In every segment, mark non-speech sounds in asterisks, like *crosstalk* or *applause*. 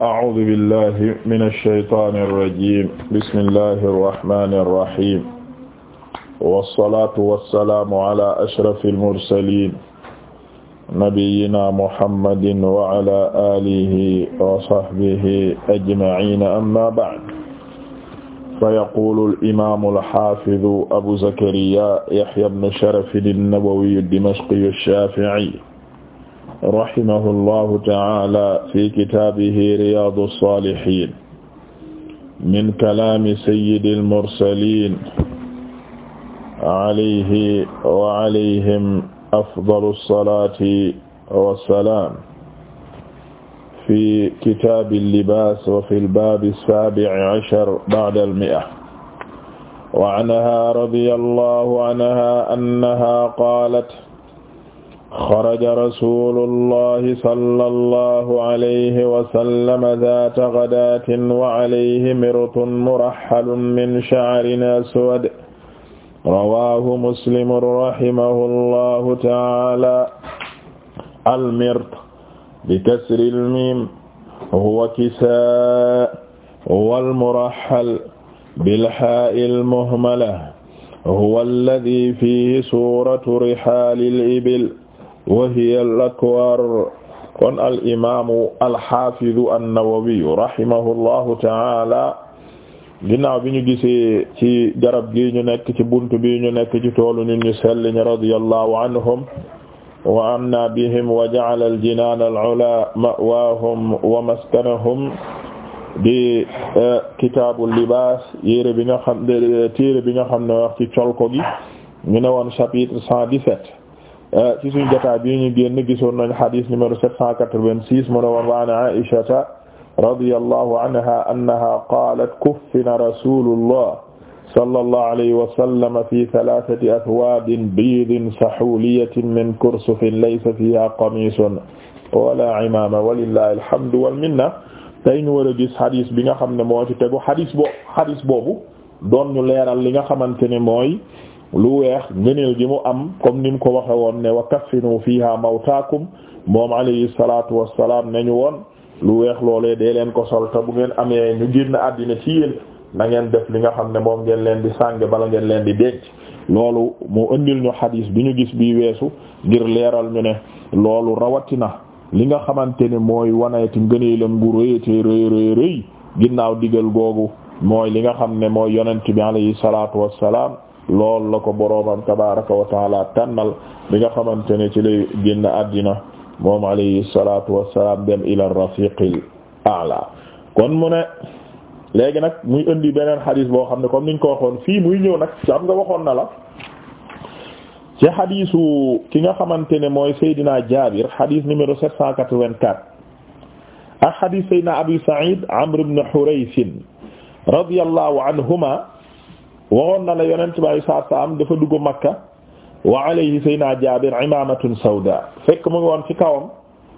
a'uudu billahi mina shaytaani rajiim bismillahi rahmaani rahiim wassalaatu wassalaamu ala ashrafil mursaliin nabiyyina muhammadin wa ala aalihi wa sahbihi ajma'iin amma ba'd fayaquulu al-imaamu al-haafidu abu zakariyaa yahyaa ibnu sharafin an-nawawi ad-dimashqi ash-shaafi'i rahimahullahu ta'ala fi kitaabihi riyaadu saalihiin min kalaami sayyidil mursaliin alayhi wa alayhim afdalu salaati wa salaam fi kitaabi libaas wa fil baabi saabi'i ashar ba'dal mi'a wa anhaa radiyallahu anhaa annahaa qaalat xaraja rasulullahi sallallahu alayhi wa sallam zaata gadaatin wa alayhi mirtun murahhalun min sha'rin aswad rawaahu muslim rahimahullahu ta'aala al-mirt bi kasri al-miim huwa kisaa wal-murahhal bil-haa'i al-muhmala huwa alladhii fiihi suuratu rihaalil ibil wa hiya al-akwar kon al imaamu alxafidu annawawiyu rahimahullahu taala ginnaaw bi ñu gisee ci garab gi ñu nekk ci bunt bi ñu nekk ci toolu nit ñu selliñ radiyallahu anhum wa anna bihim wa ja'ala al-jinaan al-'ulaa ma'waahum wa maskanahum di e, kitaabu libaas yére bi nga xam téere bi nga xam ne wax ci colko gi ñu ne woon chapitre 117 Eh, ci suñu jotaay bi ñu génn gisoon nañ xadis numéro 786 mu ne woon wa an Aïshata radiyallahu anha annaha qaalat kuffina rasulullah sallallahu alayhi wa sallam fi thalathati athwaabin biidin sahuuliyatin min kursufin laysa fiha qamiisun wala imaama walillahi alhamdu wal minna tey ñu war a gis xadis bi nga xam ne moo ci tegu xadis boobu xadis boobu doon ñu leeral li nga xamante ne mooy lu weex ngëneel gi mu am comme ni mu ko waxe woon ne wa kaffinu fiha mawtaakum moom alayhi salaatu wassalaam nañu woon lu weex loolee de leen ko sol te bu ngeen amee ñu génn àddina ci yéen na ngeen def li nga xam ne moom ngeen leen di sànge bala ngeen leen di denc loolu mu indil ñu xadiis bi ñu gis bi weesu ngir leeral ñu ne loolu rawatina li nga xamante ne mooy waneeti ngëneelam gu rëyatee rëy rëy rëy ginnaaw digal googu mooy li nga xam ne mooy yonent bi alayhi salaatu wassalaam lool la ko boroomam tabaraka wa taala tànnal bi nga xamante ne ci lay génn àddina moom alayhi salatu wassalam dem ila rafiqil a'la kon mu ne léegi nag muy indi beneen xadis boo xam ne comme niñ ko waxoon fii muy ñëw nag ci am nga waxoon na la ci xadisu ki nga xamante ne mooy Seydina Jaabir xadis numéro 784 ak xadis Seydina Abi Sa'id Amr waxoon na la yonent bi saa saam dafa dugg Makka wa alayhi sayna Jaabir imaamatun sawda fekk mu ngi woon ci kawam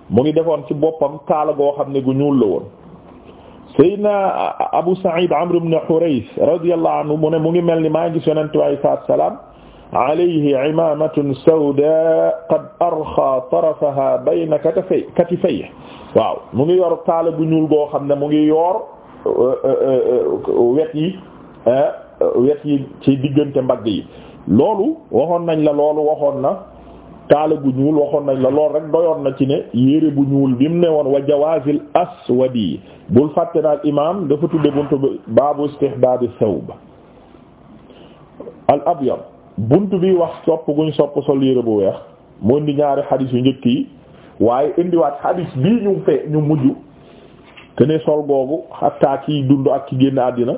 mu ngi defoon ci boppam kaala goo xam ne gu ñuul la woon sayna Abu Sa'id Amr ibn Hurayth radiyallahu anhu mu ne mu ngi mel ni maa gis yonent bi saa salaam alayhi imaamatun sawda qad arxaa tarafaha bayna katifay katifay waaw mu ngi yor kaala gu ñuul goo xam ne mu ngi yor uh, uh, uh, wet yi eh, wet yi ci diggante mbagg yi loolu waxoon nañ la loolu waxoon na kaala gu ñuul waxoon nañ la loolu rek doyoon na ci ne yére bu ñuul bi mu ne woon wa jawaazil aswadi bul fàtte na al imaam dafa tudde buntu baabu istihbaabi thawb al abyad buntu bi wax sopp guñ sopp sol yére bu weex mu indi ñaari xadiis yu njëkk yi waaye indiwaat xadiis bii ñu fee ñu mujj te ne sol googu xataa kiy dund ak ki génn àddina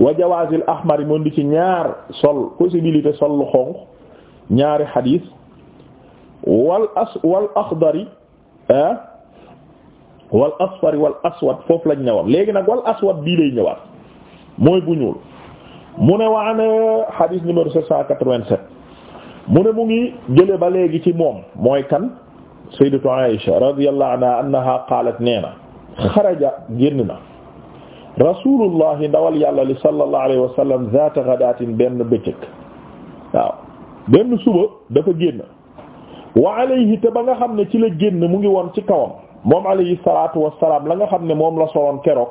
wa jawaazil ahmar yi moom di ci ñaar sol possibilité sol lu xonq ñaari xadiis wal as wal axdari ah wal asfari aswad foofu lañ newam léegi nag wal aswad bii lay ñëwaat mooy bu ñuul mu ne waa ne xadiis numéro 787 mu ne mu ngi jële ba léegi ci moom mooy kan sayyidatu Aisha radiyallahu anha annaha qaalat nee na xaraja génn na rasulullahi ndawal yàlla li sallallahu alayhi wa sallam zaata ghadatin benn suba dafa génn wa alayhi te ba nga xam ne ci la génn mu ngi woon ci kawam moom alayhi salatu wasalaam la nga xam ne moom la soloon keroog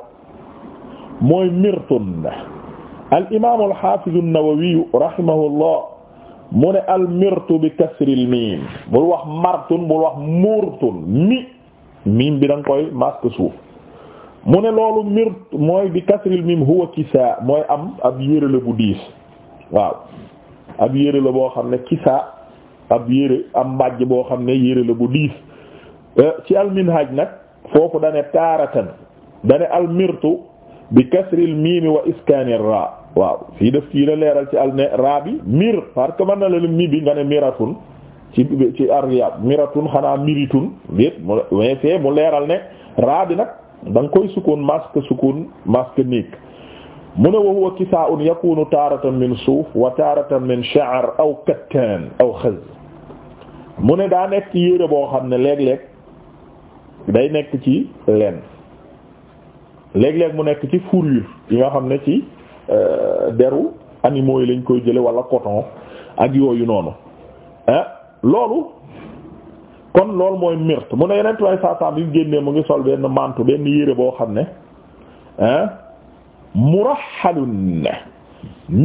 mooy mirtun al imaamu al xaafizu an-Nawawi mu ne al mirtu bi kasril miim bul wax martun bul wax murtun mi miim bi da koy masque suuf mu ne loolu mir mooy bi kasril mim huwa kisa mooy am ab yére la bu diis waaw ab yére la boo xam ne kisa ab yére am mbàjj boo xam ne yére la bu diis euh, ci alminhaj nag foofu dane taaratan dane almirtu bi kasril miimi wa iskaani ra waaw fii def fii la leeral ci al ne ra bi mir parce que mën na la lim mi bi nga ne miratun ci ci miratun xanaa miritun déet mu leeral ne raa bi nag da nga koy sukkoon masque sukkoon masque niig mu ne wa huwa kisaa'un yakunu taaratan min suuf wa taaratan min sha'r aw kattan aw xëz mu ne daa nekk ci yére boo xam ne léeg-léeg day nekk ci leen léeg-léeg mu nekk ci fourrure yi nga xam ne ci euh, deru animaux yi lañ koy jële wala coton ak yooyu noonu ah, loolu kon loolu mooy mirt mu ne yeneen tubaab yi saa saa bi génnee mu ngi sol benn mantu benn yére boo xam ne ah muraxalun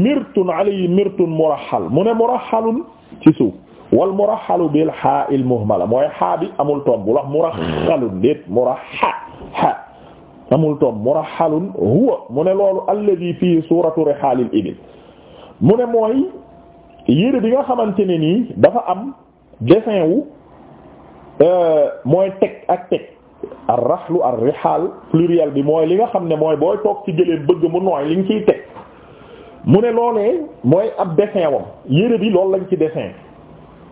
mirtun alayhi mirtun muraxal mu ne muraxalun ci suuf wal muraxalu bil xaa il muhmala mooy xaa bi amul tomb wax muraxalun déet muraxa xa amul tomb muraxalun huwa mu ne loolu alladi fii suuratu rixaalil ibil mu ne mooy yére bi nga xamante ne nii dafa am dessin wu. Euh, mooy teg ak teg ar raxlu ar rixaal pluriel bi mooy li nga xam ne mooy booy toog ci gëléem bëgg mu nooy li nga ciy teg mu ne loolee mooy ab dessin wam yére bi loolu lañ ci dessin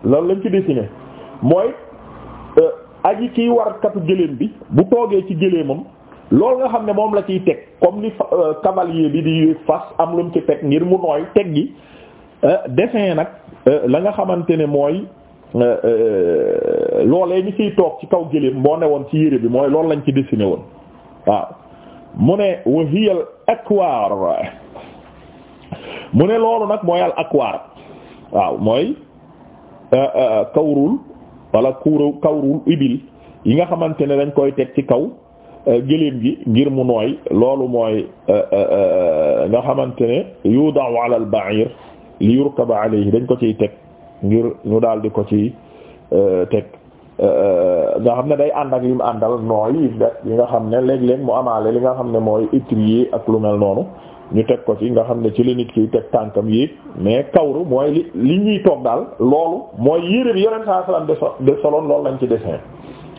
loolu lañ ci dessiné mooy euh, aji kiy war katu gëléem bi bu toogee ci gëléemam loolu nga xam ne moom la ciy teg comme ni euh, cavalier bi di fas am lu mu ci teg ngir mu nooy teg gi dessin nag la nga xamante ne mooy Euh, euh, loolee ñu ciy toog ci kaw gëléem moo ne woon ci yére bi mooy loolu lañ ci dessiné woon waaw mu ne wa hiya al akwaar mu ne loolu nag mooy al akwaar waaw mooy euh, kawrul wala kuuru kawrul ibil yi nga xamante ne dañ koy teg ci kaw gëléem gi ngir mu nooy loolu mooy nga xamante ne yudaa'u ala al ba'ir li yurkaba alayhi dañ ko ciy teg ngir ñu daal ko ci euh, teg euh, euh, nga xam ne day ànd ak yu mu àndal nooy yi nga xam ne léeg-léeg mu amaale li nga xam ne mooy étrier ak lu mel noonu ñu teg ko ci nga xam ne ci la nit ki teg tànkam yi mais kawru mooy li li ñuy toog daal loolu mooy yére bi yoneen saa salaam de de soloon loolu lañ ci dessin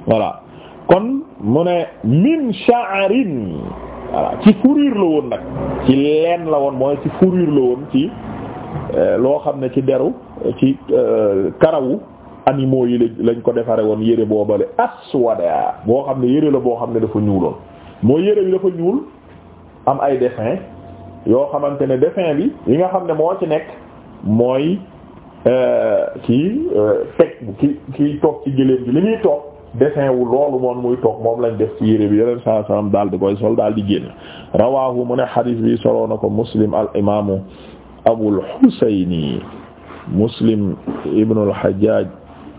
voilà kon mu ne min sha'arin voilà ci fourrure la woon nag ci leen la woon mooy ci fourrure la woon ci loo xam ne ci deru ci euh, karawu animaux yi lañ ko defaree woon yére boobale aswada boo xam ne yére la boo xam ne dafa ñuuloon mooy yére bi dafa ñuul am ay dessin yoo xamante ne dessin bi yi nga xam ne moo ci nekk mooy euh, kii euh, teg ki kii toog ci gëléem bi li muy toog dessin wu loolu moom muy toog moom lañ def ci yére bi yeneen saa salaam daal di koy sol daal di génn rawaahu mu ne xadiis bi soloona ko muslim al imaamu abul xuseyni muslim ibnu al-Hajjaj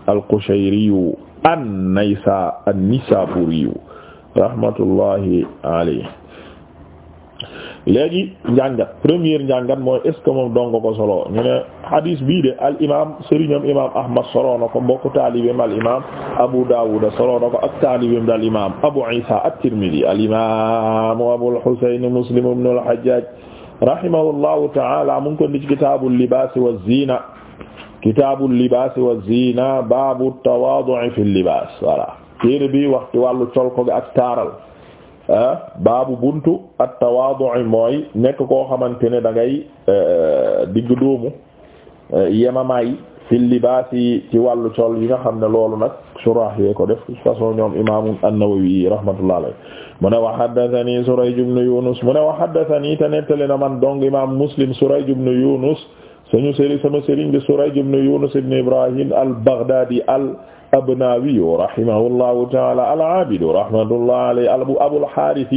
al-Qushayriyu an-Naysa an-Nisaburiyu rahmatullahi alayhi léegi njàngat première njàngat mooy est ce que moom donga ko solo ñu ne hadis bii de al imam sëriñam imam ahmad solo na ko mbokk taalibem al imam abu dawud solo na ko ak taalibem daal imam abu isa at-tirmidhi al imam abu al-husayn muslim ibn al-hajjaj rahimahullahu ta'ala mu ngi ko ndi ci kitaabul libaas wa zina kitaabul libaas wa ziina baabu tawaadu fi libaas voilà téere bi wax ci wàllu colko bi ak taaral ah, baabu buntu at tawaadu mooy nekk koo xamante ne da ngay eh, digg doomu eh, yemamaay fi libaas yi ci wàllu col yi nga xam ne loolu nag surah yee ko def façon ñoom imaamu an-Nawawi rahmatullah alayhi mu ne wa haddathani Surayj ibn Yunus mu ne wa haddathani te nettali na man dong imaam Muslim Surayj ibn Yunus suñu sëriñ sama sëriñ bi Surayj ibn Yunus ibn Ibrahim al-Baghdadi al-Abnawi rahimahullahu ta'ala al-Abid rahmatullah alayhi Abul Harith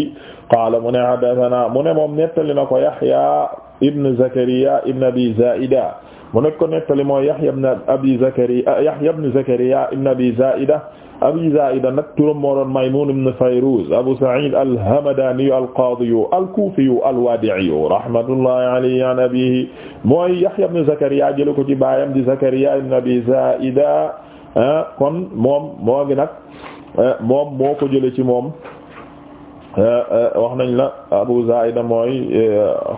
qala mu ne haddathana mu ne moom nettali na ko Yahya ibn Zakariya ibn Abi Zaida mu nekk ko nettali mooy Yahya ibn Abi Zakariya ah, Yahya ibn Zakariya ibn Abi Zaida Abi Zaida nag turam moo doon Maymun ibn Fayruz Abu Sa'id al-Hamadani al-Qadi al-Kufi al-Wadi'i rahmatullahi alayhi an abihi mooy Yahya ibn Zakariya jël ko ci baayam di Zakariya ibn Abi Zaida ah, kon moom moo ngi nag ah, moom moo ko jële ci moom wax nañ la Abu Zaida mooy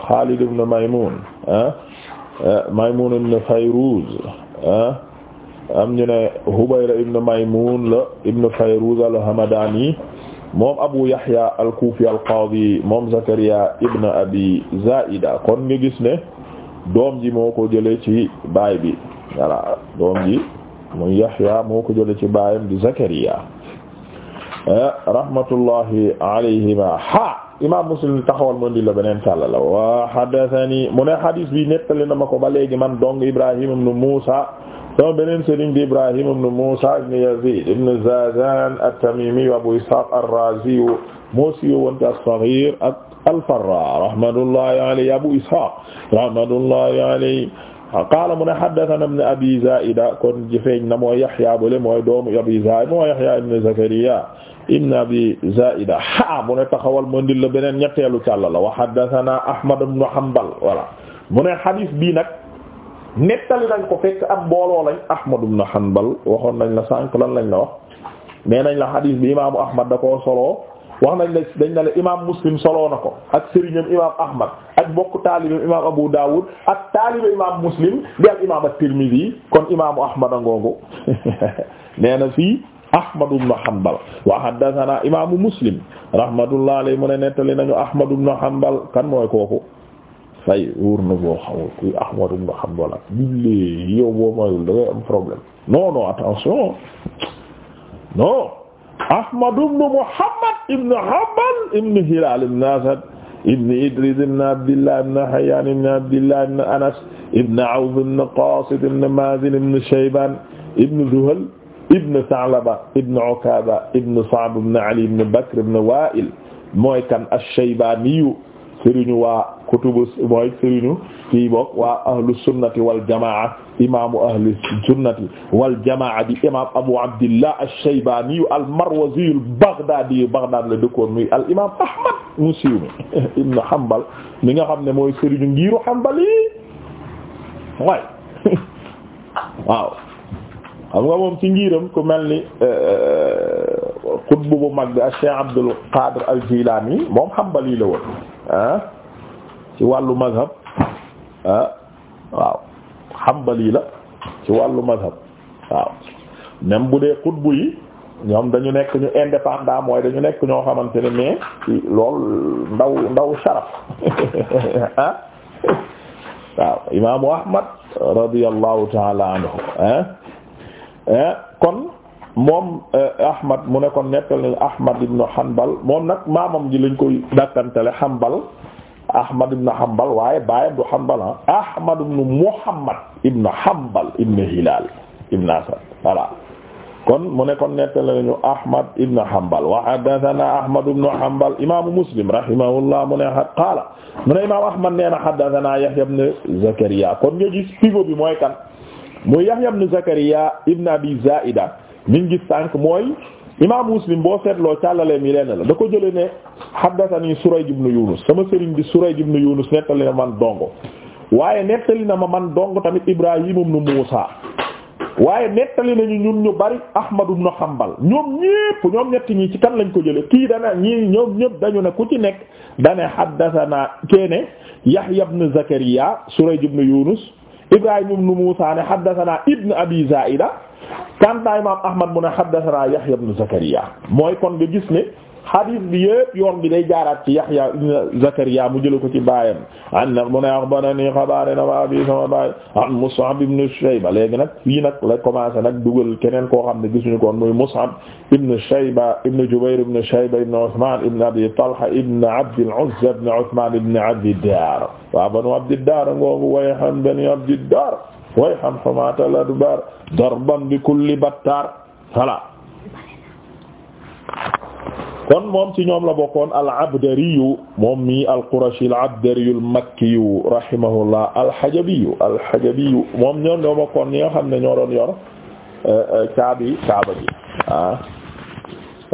Khalid eh, ibn Maymun Eh, Maymun ibn Fayruz eh? am ñu ne Hubayra ibn Maymun la ibn Fayruz al-Hamadani moom Abu Yahya al-Kufi al-Qadi moom Zakariya ibn Abi Zaida kon nga gis ne doom ji moo ko jële ci baay bi voilà doom ji muy Yahya moo ko jële ci baayam di Zakariya eh, rahmatullahi alayhima ha imaam Muslim taxawal mu indi la beneen càllala wa hadathani mu ne hadis bi nettali na ma ko ba léegi man dong Ibrahim ibn Musa sama beneen sëriñ di Ibrahim ibn Musa ibn Yazid ibn Zazan at-Tamimi Abu Ishaq ar-Razi moo siiw woon ci as-Saghir ak al-Farra rahmatullahi alayhi Abu Ishaq rahmatullahi alayhi qaala mu ne haddathana ibn Abi Zaida kon jëfeeñ na mooy Yahya bale mooy doomu Abi Zaida mooy Yahya ibn Zakariya ibn abi zaida ha mu ne taxawal ma ndil la beneen ñetteelu càlla la wa haddathana ahmad ibn hanbal voilà mu ne xadis bii nag nettali nañ ko fekk am mbooloo lañ ahmad ibn hanbal waxoon nañ la sànq lan lañ la wax nee nañ la xadis bi imaamu ahmad da koo soloo wax nañ la dañ ne la imaam muslim soloo na ko ak sëriñam imaam ahmad ak bokk taalibam imaam abu dawud ak taaliba imaam muslim bi al imaam at-tirmidhi kon imaamu ahmad a ngoongu *laughs* nee fii Ahmad ibn Hanbal wa haddathana imaamu Muslim rahmatullah alayhi mu ne nettali nañu Ahmad ibn Hanbal kan mooy kooku fay wóor na boo xamul kuy Ahmad ibn Hanbal ak billee yow boo mayul da ngay am problème non non attention non Ahmad ibn Muhammad ibn Hanbal ibn Hilal ibn Asad ibn Idris ibn Abdillah ibn Hayyan ibn Abdillah ibn Anas ibn Awf ibn Qasid ibn Mazin ibn Shayban ibn Zuhal ibn Sa'laba ibn Ukaba ibn Sa'b ibn Ali ibn Bakr ibn Wa'il mooy kan ash-Shaybaniyu sëriñu waa kutubu mooy sëriñu kii bokk waa ahlu sunnati wal jamaa imaamu ahlu sunnati wal jamaa di imaam Abu Abdillah ash-Shaybaniyu al-Marwaziyu al-Baghdadiyu Baghdad la dëkkoon muy al imaam Ahmad mu siiw mi *laughs* ibn Hanbal mi nga xam ne mooy sëriñu ngiiru Hanbali waaye *laughs* waaw. xam nga moom ci ngiiram ku mel ni euh, euh, xutbu bu mag bi ak Cheikh Abdul Qadir al Jilani moom Hanbali la woon ah, ci wàllu mazhab ah waaw Hanbali la ci wàllu mazhab waaw même bu dee xutbu yi ñoom dañu nekk ñu indépendant mooy dañu nekk ñoo xamante ne mais ci lool ndaw ndaw sharaf *laughs* ah waaw imaamu Ahmad radiyallahu ta'ala anhu ah. Eh, kon moom eh, Ahmad mu ne kon nettali Ahmad ibn Hanbal moom nag maamam ji lañ koy dàkkantele Hanbal Ahmad ibn Hanbal waaye baayam du Hanbal ah Ahmad ibn Muhammad ibn Hanbal ibn Hilal ibn Asad voilà kon mu ne kon nettali nañu Ahmad ibn Hanbal wa haddathana Ahmad ibn Hanbal imaamu Muslim rahimahullah mu ne qaala mu ne imaam Yahya ibn Zakariya kon nga gis pivot bi mooy kan. muy Yahya ibn Zakariya ibn Abi Zaida min gis sànq mooy imam Muslim boo seetloo càllaleem yi lenn la da ko jëlee ne haddathani Surayj ibn Yunus sama sëriñ bi Surayj ibn Yunus nettali na man dongo waaye nettali na ma man dongo tamit Ibrahim ibn Muusa waaye nettali nañu ñun ñu bari Ahmad ibn Hanbal ñoom ñépp ñoom ñetti ñi ci kan lañ ko jële kii dana ñii ñoom ñépp dañu ne ku ci nekk dane haddathana keene Yahya ibn Zakariya Surayj ibn Yunus Ibrahim ibn Musa ne haddathana Ibn Abi Zaida kanta imam Ahmad mu ne haddathana Yahya ibn Zakariya mooy kon nga gis ne xadis bi yëpp yoon bi day jaaraat ci Yaxya ibn Zakariya mu jëla ko ci baayam an na mu ne axbarani xabaare na ma bi sama baay an Mus'ab ibn Shayba léegi nag fii nag la commencé nag dugal keneen koo xam ne gisuñu koon muy Mus'ab ibn Shayba ibn Jubayr ibn Shayba ibn Usman ibn Abi Talha ibn Abd al-Uzza ibn Usman ibn Abd ad-Dar wa banu Abd ad-Dar ngoogu wayhan bani Abd ad-Dar wayhan humata al-adbar darban bi kulli battar voilà kon moom ci ñoom la bokkoon al-Abdariyu moom mi al-Qurashi al-Abdariyu al-Makkiyu rahimahullah al-Hajabiyu al-Hajabiyu moom ñoom ñoo bokkoon ñi nga xam ne ñoo doon yor eh, eh, caabi Kaaba ji ah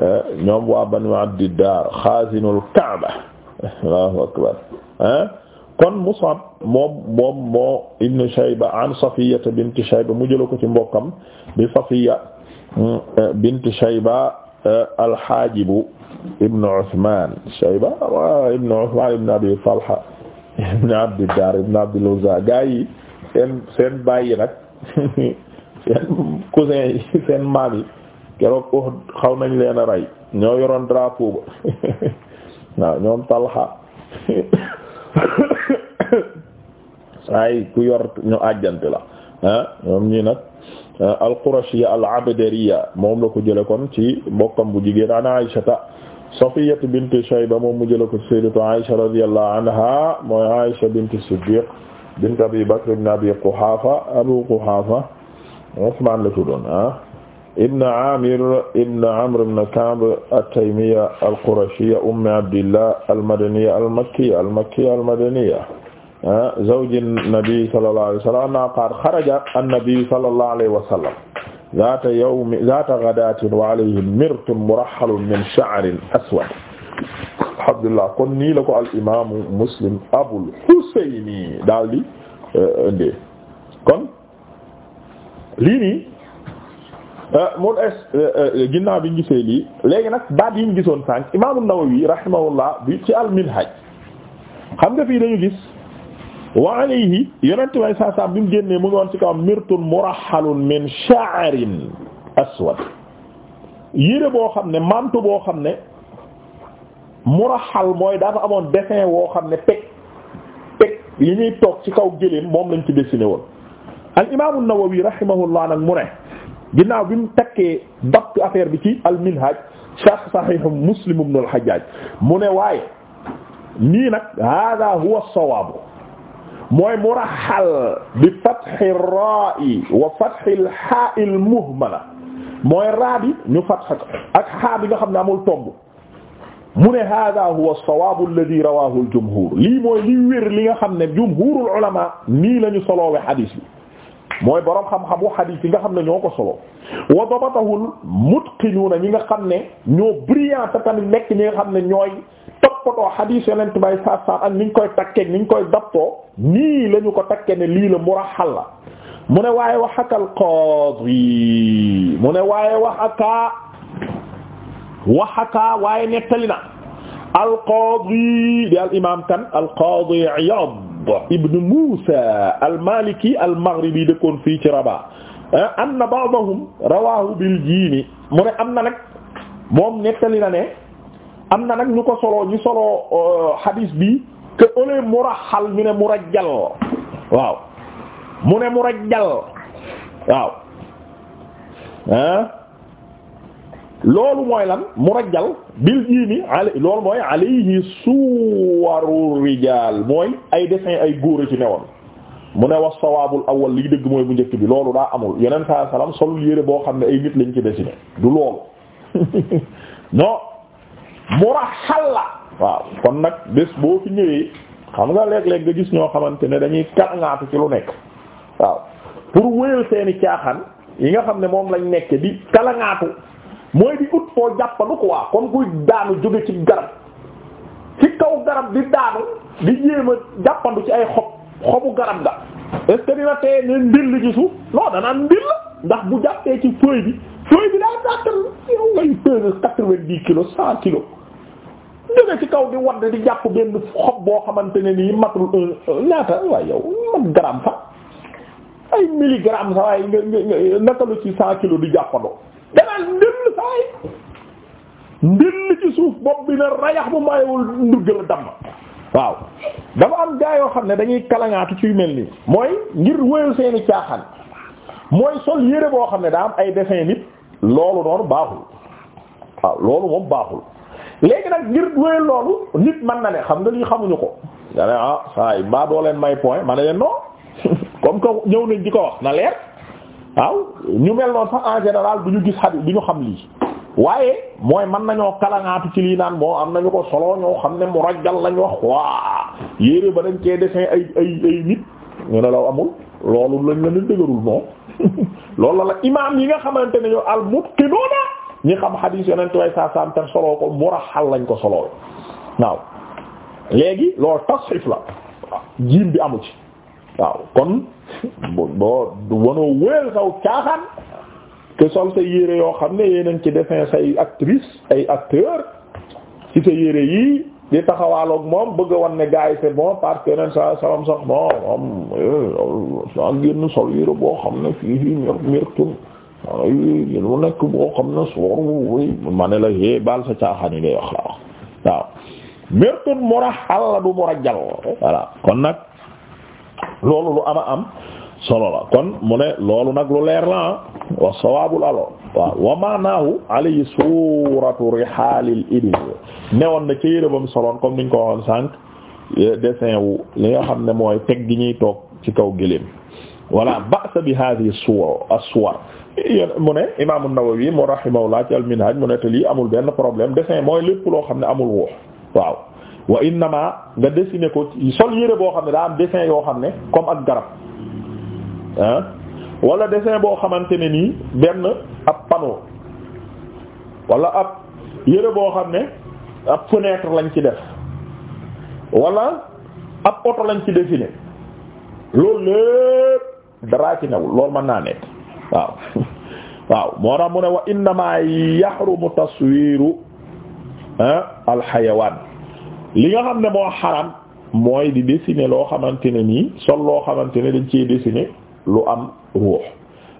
eh, ñoom waa Banu Abdiddaar xaazinul Kaaba Allahu akbar ah kon Mus'ab moom moom moo Ibn Shayba an Safiya bint Shayba mu jël ko ci mbokkam bi Safiya mm, bint Shayba al-Hajibu ibn Usman Shayba wa ibn Usman ibn Abi Talha ibn Abd ad-Dar ibn Abd al-Uzza gaa yi seen seen baay yi nag *laughs* seen cousin yi seen maam yi nañ leen a rey ñoo yoroon drapeau ba *laughs* *coughs* ay ku yor ñu àjjante la ah ñoom ñii nag Euh, al-Qurashiyya al-Abdariyya moom la ko jëlee kon ci bokkam bu jigéen an Aysata Safiyyatu bint Shayba moom mu jëlee ko ci Sayyidatu Aysa radiyallahu anha mooy Aysa bint Siddiq bint Abi Bakr ibn Abi Quhafa Abu Quhafa Usman la tuddoon ah ibn Amir ibn Amr ibn Ka'b at-Taymiyya al-Qurashiyya Ummi Abdillah al-Madaniyya al-Makkiyya al-Makkiyya al-Madaniyya Ah zawji nabi sallallahu alayhi wa sallam anna qaal xaraja annabi sallallahu alayhi wa sallam zaata yawmi zaata ghadatin wa alayhi mirtun murahalun min sha'rin aswad alhamdulillah kon nii la ko al imaamu muslim abul husayni daal di eh, indee kon lii nii eh, mu des eh, ginnaaw bi ñu gisee lii léegi nag baat yi ñu gisoon sànq imaamu Nawawi rahimahullah bi ci al minhaj xam nga fii dañu gis. wa alayhi yonent way saa saa bi mu génnee mu ngi woon ci kaw mirtun murahalun min sha'rin aswad yére boo xam ne mantu boo xam ne murahal mooy dafa amoon dessin woo xam ne peg peg yi ñuy toog ci kaw gëléem moom lañ ci dessiné woon al imaamu Nawawi rahimahullah nag mu ne ginnaaw bi mu takkee dapt affaire bi ci al minhaj sharh sahih muslim ibn al hajjaj mu ne waaye nii nag hada huwa as-sawab mooy muraxal bi fathi ra'i wa fathi al-ha'i al-muhmala mooy raa bi ñu fatha ak xaa bi nga xam ne amul tomb mu ne hada huwa as-sawaab alladhi rawahu al-jumhur lii mooy li wér li nga xam ne jumhurul ulama nii la ñu soloowe xadiis bi mooy boroom xam-xamu xadiis yi nga xam ne ñoo ko solo wa dabatahul mutqinuuna ñi nga xam ne ñoo brillant tamit nekk ñi nga xam ne ñooy toppatoo xadiis yonent bay saa saa ak ni ñu koy takkee ni ñu koy dappoo nii lañu ko takkee ne lii la muraxal la mu ne waaye wax ak alqaadi mu waaye wax waaye nettali na alqaadi di al imaam kan alqaadi Iyaad ibn Muusa almaliki almaghribi dëkkoon fii ci Rabat eh, anna ba'dahum rawaahu bil jiini mu am na nag moom nettali na ne. am na nag ñu ko soloo ñu soloo euh, hadis bi que ole muraxal ñu ne murajjal waaw mu ne mu murajjal waaw loolu mooy lan murajjal bil jiimi al loolu mooy alayhi suwaru rijal mooy ay dessin ay góor a ci woon mu ne wax sawaabul awal lii dëgg mooy bu njëkk bi loolu daa amul yeneen saa salaam solul yére boo xam ne ay nit lañ ci dessiné du loolu *laughs* non muraxal la waaw kon nag bés boo fi ñëwee xam nga léeg-léeg nga gis ñoo xamante ne dañuy karŋaatu ci lu nekk waaw pour wéyal seeni caaxaan yi nga xam ne moom lañ nekk di kalaŋaatu mooy di ut foo jàppandu ko waa kon kuy daanu jóge ci garab ci kaw garab di daanu di jéem a jàppandu ci ay xob xobu garab ga est-ce que dina teye ne ndill ci suuf non danaan ndill ndax bu jàppee ci feuille bi feuille bi daa gàttal yow ngay peser quatre-vingt-dix kilos cent kilos jóge ci kaw di wadd di jàpp benn xob boo xamante ne nii matul euh, euh, ñaata waaye yow mat gramme sax ay milligramme sax waaye nga nga naka lu ci cent kilos di jàppandoo danaan ndëll saay ndëll ci suuf bopp bi na rayax bu mayewul ndugg la damm waaw dama am gaa yoo xam ne dañuy kalaŋaatu ci yu mel nii mooy ngir wéyal seeni caaxaan mooy sol yére boo xam ne daa am ay dessin nit loolu noonu baaxul waaw loolu moom baaxul léegi nag ngir wéyal loolu nit man na ne xam nga lii xamuñu ko nga ne ah saa yi mbaa doo leen may point ma ne leen non *laughs* comme que ñëw nañ di ko wax na leer waaw ñu mel noonu sax en général du ñu gis xadis du ñu xam lii waaye mooy mën nañoo kalaŋaatu ci lii naan moo am na ñu ko solo ñoo xam ne mu rajal lañ wax waa yére ba dañ cee dessin ay ay ay nit ñu ne la amul loolu lañ la ñu dëgërul non *laughs* loolu la la imaam yi nga xamante ne yow al mutqinuuna ñi xam xadiis yonent way saa saam te soloo ko muraxal lañ ko soloo waaw léegi loolu tasxiif la jiim bi amu ci waaw kon boo wanoo wéel saw caaxaan que sol sa yére yoo xam ne yéenañ ci dessin say actrice ay acteur ci sa yére yi di taxawaaloog moom bëgg a wan ne gars yi c'est bon parce que yeneen sa salam sax bon am eh, génn sol yére boo xam ne fii fii mir mirtum ay lu nekk boo xam ne soor ma ne la é baal sa caaxaan yi ngay wax la wax waaw mertun mora xalla du mora jal kon nag loolu lu ama am solo la kon mu ne loolu nag lu leer la ah. wa sawaabul alo waaw wa maanaahu alayhi suratu rihaalil ibil newoon na ca yërëbam soloon comme niñ ko waxoon sànq dessin wu li nga xam ne mooy teg gi ñuy toog ci kaw gëléem wala ba'sa bi hadhihi suwar as-suwar mu ne imam an-Nawawi mu rahimahullah ci al-Minhaj mu ne te lii amul benn problème dessin mooy lépp loo xam ne amul woo waaw wa innama nga dessiner ko sol yére boo xam ne daa am dessin yoo xam ne comme ak garab walla desin boo xamante ne nii benn ab panneau wala ab yére boo xam ne ab fenêtre lañ ci def wala ab oto lañ ci dessiner loolu lépp daraa ci newul lool mën naa nekk waaw *laughs* waaw moo tax mu ne wa innama yaxrumu taswiru ah, alxayawaan li nga xam ne moo xaram mooy di dessiner loo xamante ne nii sol loo xamante ne dañ ci dessiner lu am ruux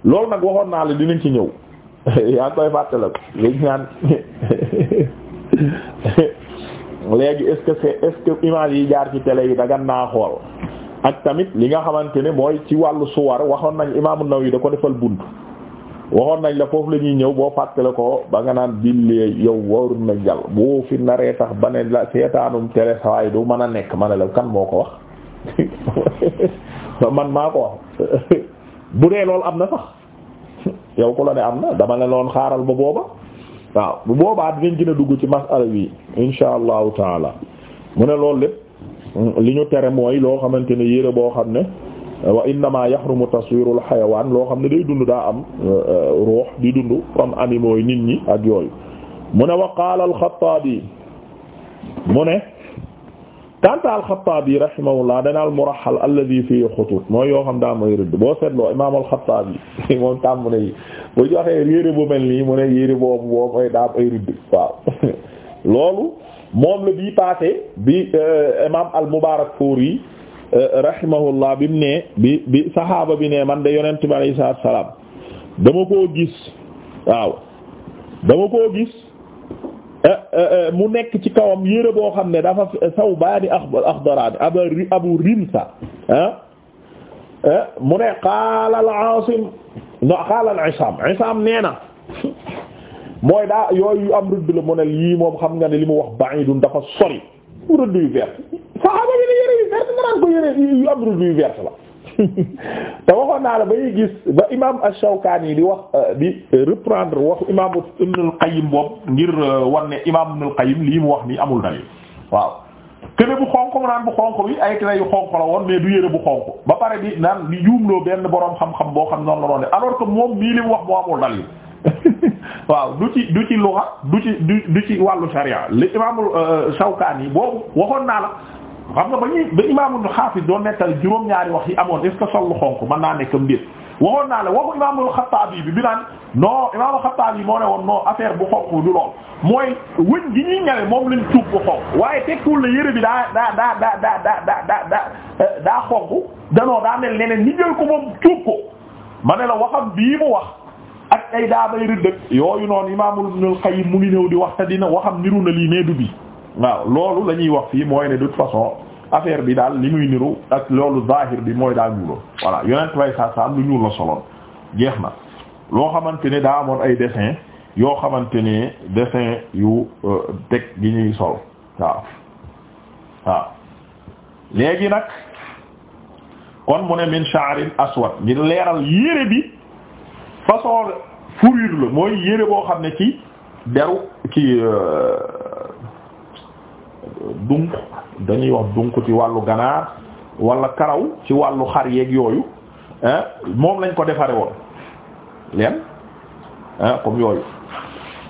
loolu nag waxoon naa la dinañ ci ñëw *laughs* yaa koy fàttale ko léegi naan *laughs* léegi est-ce que c'est yi jaar ci télé yi dagan naa xool ak tamit li nga xamante ne mooy ci wàllu suwar waxoon nañ imaamu yi da ko defal bunt waxoon nañ la foofu la ñuy ñëw boo fàttale ko ba nga naan billee yow warul na jàll boo fi naree tax ba ne la seetaanum télé sawaay du mën a nekk ma ne la kan moo ko wax *laughs* man maa ko wax *laughs* bu dee loolu am na sax *laughs* yow ku la ne am na dama ne loon xaaral ba booba waaw bu boobaa dinañ gën a dugg ci masala wi insha allahu taala mu ne loolu lépp li ñu tere mooy loo xamante ne yére boo xam ne wa innama yahrumu taswirul xayawaan loo xam ne day dund daa am euh, euh, ruux di dund comme animaux yi nit ñi ak yooyu mu ne wa qaala alxataabi mu ne kanta alxataabi rahimahullah dana al muraxal alladi fi xutut mooy yoo xam daa mooy rëdd boo seetloo imaam alxataabi *laughs* moom tàmm mu ne bu joxee yére bu mel nii mu ne yére boobu boo koy daa ay rëdd waaw *laughs* loolu moom la bii passé bi euh, imam al-Mubarakfuri euh, rahimahullah bi mu ne bi bi saxaaba bi ne man de yonent bi alayhi salaatu wa salaam dama koo gis waaw dama koo gis euh, mu nekk ci kawam yére boo xam ne dafa saw baani axdaraan abu rimsa ah, eh, mu ne qaala al-Aasim no qaala al-Isaam nee na mooy daa yooyu am rëdd la mu ne yii moom xam nga ne li mu wax ba'idun dafa sori mu rëdd yu vert saxaaba yi yu vert nga am rëdd yu vert *laughs* te waxoon naa la ba ñuy gis ba imam Ash-Shawkani di wax euh, di reprendre waxu imam Ibn al-Qayyim boobu ngir euh, wan ne imam Ibn al lii mu wax nii amul dalil waaw kene bu xonq mu naan bu xonq bi ay tene woon mais du yére bu xonq ba pare di naan di juumloo xam-xam boo xam noonu la doon ne alors que moom mii li wax moo amul dalil *laughs* waaw du ci du ci luxa du ci du du ci wàllu sharia li imaamul euh, Shawkaani boobu waxoon naa la xam nga ba ñuy ba imaamul Xaafis doon nettal juróom-ñaari wax yi amoon est-ce sol lu xonq mën naa nekk mbir waxoon naa la waxu imaamul Xattaabi bi bi naan non imaamul Xattaabi moo ne woon non affaire bu xonq du lool mooy wëñ gi ñuy ñawe moom lañ tuub bu waaye tekkul la yëre bi daa daa daa daa daa daa daa daa danoo daa mel neneen ñi jël ko moom tuub ko ma ne la waxam bii mu wax ak ay daabay rëddëg yooyu noonu imaamul Ibnul Qayyim mu ngi ñëw di wax te dina waxam niru na lii mais du bi waaw loolu lañuy wax fii mooy ne de toute façon bi daal li muy niru ak loolu zahir bi mooy daa ñuuloon voilà yonent way sa sa am lu ñuul la soloon jeex na loo xamante ne daa amoon ay dessin yoo xamante ne dessin yu euh, teg gi ñuy sol waaw waaw léegi nag kon mu ne min sha'rin ngir leeral yére bi façon fourrure la mooy yére boo xam ne ci deru ci euh, dunq dañuy wax dunk ci wàllu ganaar wala karaw ci wàllu xar yeeg yooyu moom lañ ko defare woon leen comme yooyu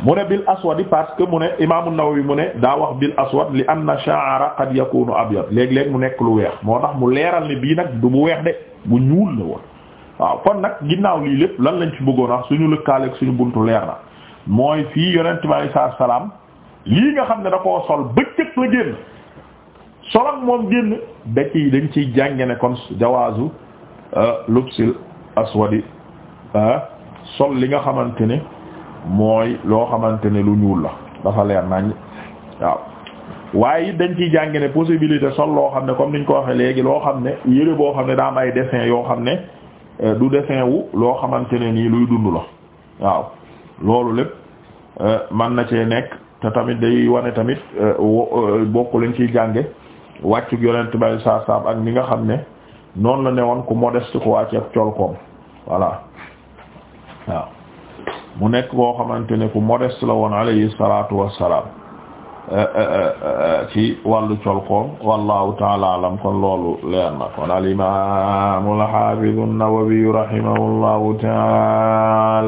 mu ne bil aswadi parce que mu ne imaamu Nawawi mu ne daa wax bil aswad li anna sha'ara qad yakunu abyad léeg-léeg mu nekk lu weex moo tax mu leeral ne bii nag du bu weex de bu ñuul la woon waaw kon nag ginnaaw lii lépp lan lañ ci bëggoon wax suñu lëkkaaleeg suñu buntu leer na mooy fii yonent bi alayhi salaam lii nga xam ne da koo sol bëccëg la génn solon moom ci dañ ciy jànge ne kon euh, euh, sol li nga xamante ne mooy loo xamante ne lu ñuul la dafa leer nañ waaw waaye it dañ ciy jànge ne possibilité sol loo xam ne comme niñ ko waxee léegi loo xam ne yére boo xam ne daa ay dessin yoo xam ne Euh, du dessin wu loo xamante ne nii luy dund la waaw loolu lépp euh, man na cee nekk te tamit day wane tamit euh, bokk lañ ciy jànge wàccug yonent bay saa saab ak ni nga xam ne noonu la ne woon ku modeste ku wàcc ak col voilà waaw mu nekk koo xamante ne ku modeste la woon alayhi salaatu wassalaam Eh, eh, eh, ci wàllu colkoom wallahu taala alam kon loolu leer na kon al imam al hafiz an-Nawawi rahimahullahu taala